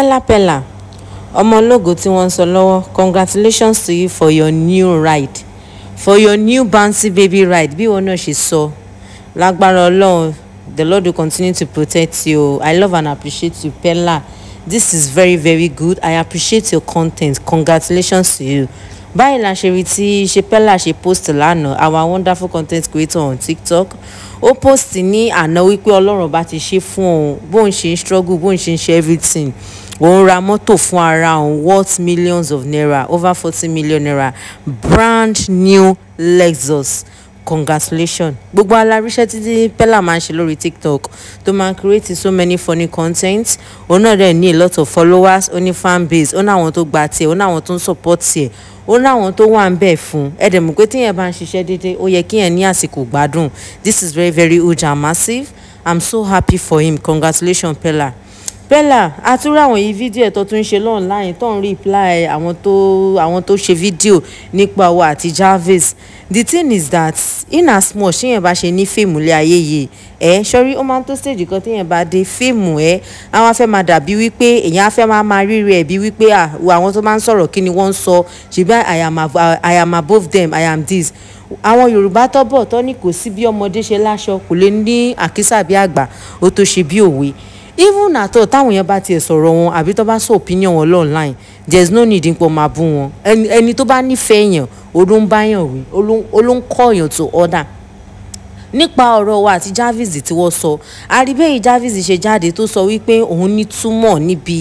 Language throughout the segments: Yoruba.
Fela Pela ọmọ ológo tí wọ́n ń sọ lọ́wọ́ congratulations to you for your new ride for your new bouncy baby ride bí wọn náà ṣe sọ lágbára ọlọ́run the lord will continue to protect you i love and appreciate you Pela this is very very good i appreciate your content congratulations to you báyìí la ṣe rí tí ṣe ṣe post lánàá our wonderful content creator on tiktok ó post ní àná wípé ọlọ́run bá ti ṣe fún òun bóun ṣe ń struggle bóun ṣe ń ṣe everything òun ra mọ́tò fún ara òun worth millions of naira over forty million naira brand new Lexus congratulations gbogbo aláríṣẹ́ títí pella máa ń ṣe lórí tiktok tó máa ń create so many funny content òun náà dẹ̀ ní a lot of followers ó ní fan base ó ní àwọn tó gba tiẹ̀ ó ní àwọn tó ń support tiẹ̀ ó ní àwọn tó wà ń bẹ̀ fún ẹ dẹ̀ mọ̀ pé tíyẹn bá ń ṣiṣẹ́ déédéé ó yẹ kíyẹn ní àsìkò gbádùn this is very very huge and massive i'm so happy for him congratulations pella. Bella a tún rí àwọn yìí fídíò ẹ̀ tó tún ń ṣe online tó ń reply àwọn tó àwọn tó ṣe fídíò nípa wa àti Jarvis the thing is that in as much ṣéyàn bá ṣe ní fíìmù ilé ayé yìí ẹ sọrí ó máa ń tó stage kan téèyàn bá dé fíìmù ẹ àwọn afẹ́ máa dàbí wípé èèyàn afẹ́ máa máa rírí ẹ̀ bí wípé àwọn tó máa ń sọ̀rọ̀ kí ni wọ́n ń sọ ṣùgbọ́n I am above them I am this àwọn yorùbá tọ́bọ̀ tọ́ ni kò sí bí ọmọdé ṣe láṣọ kò lè ní àkísà bí àgbà ó tó ṣe bí òwe even àtọ̀ táwọn yẹn bá tiẹ̀ sọ̀rọ̀ wọn àbí tó bá sọ opinion wọn online there is no need nípa máa bú wọn ẹni tó bá nífẹ̀ẹ́ yẹn oló ń báyàn wí oló ń kọ̀yàn to order nípa ọ̀rọ̀ wa àti Jarvis tí wọ́n sọ àríbẹ́yì Jarvis ṣe jáde tó sọ wípé òun ní túmọ̀ níbi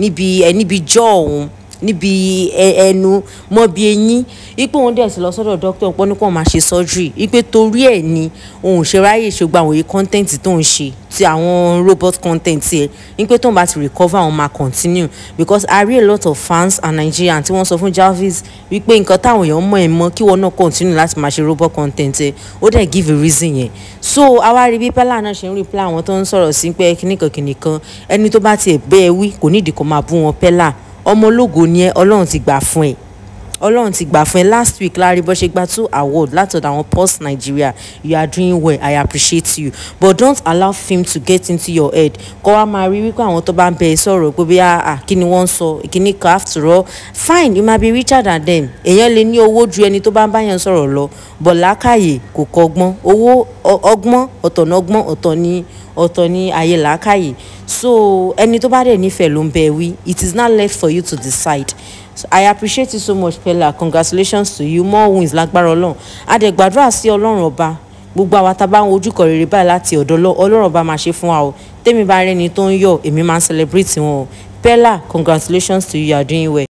níbi ẹ̀ níbi jọ́ òun níbi ẹnu mọ́bi eyín ipe òun dẹ̀ sì lọ sọ́dọ̀ dókítà òun pọ́n ní ṣe surgery ipe torí ẹ̀ ni òun ṣe ráyè ṣògbà àwọn èyí content tó ń ṣe ti àwọn robot content yẹ ipe tóun bá ti recover òun máa continue because I rí a lot of fans and Nigerians tí wọ́n sọ fún Javis wípé nǹkan táwọn èèyàn mọ̀ ẹ̀ mọ́ kí wọ́n náà continue láti máa ṣe robot content yẹ ó dẹ̀ give a reason yẹn so àwa rí bí pẹ́lá náà ṣe ń rí pẹ́lá àwọn tó ń sọ̀rọ̀ sí pé kíníkan kíníkan ẹni tó bá tiẹ̀ bẹ́ẹ̀ wí kò nídìí kó máa bú wọn pẹ́lá ọmọ ológo ni ẹ́ ọlọ́run ti gbà fún ẹ ọlọ́run ti gbà fún ẹ last week láàrin bó ṣe gba two award látọ̀dọ̀ àwọn Pulse Nigeria you are doing well I appreciate you but don't allow film to get into your head kọ́ wa máa rí wípé àwọn tó bá ń bẹ ẹ sọ̀rọ̀ pé bí a kí ni wọ́n ń sọ ìkíní kan after all fine you might be richer than them èèyàn lè ní owó ju ẹni tó bá ń báyàn sọ̀rọ̀ lọ but làákàyè kò kọ́gbọ́n owó ọgbọ́n ọ̀tọ̀ ní ọgbọ́n ọ̀tọ̀ ní ọ̀tọ̀ ní ayé làákàyè so ẹni tó bá dẹ̀ nífẹ̀ẹ́ ló ń bẹ wí it is not left for you to decide I appreciate you so much Pella congratulations to you more wins lágbára Ọlọ́run adẹ̀gbàdúrà sí Ọlọ́run ọba gbogbo àwa tá a bá ń ojúkọ rere báyìí láti ọ̀dọ̀ Ọlọ́run ọba máa ṣe fún wa o tèmi bá rẹ́ni tó ń yọ̀ èmi máa ń celebrate wọn o Pella congratulations to you you are doing well.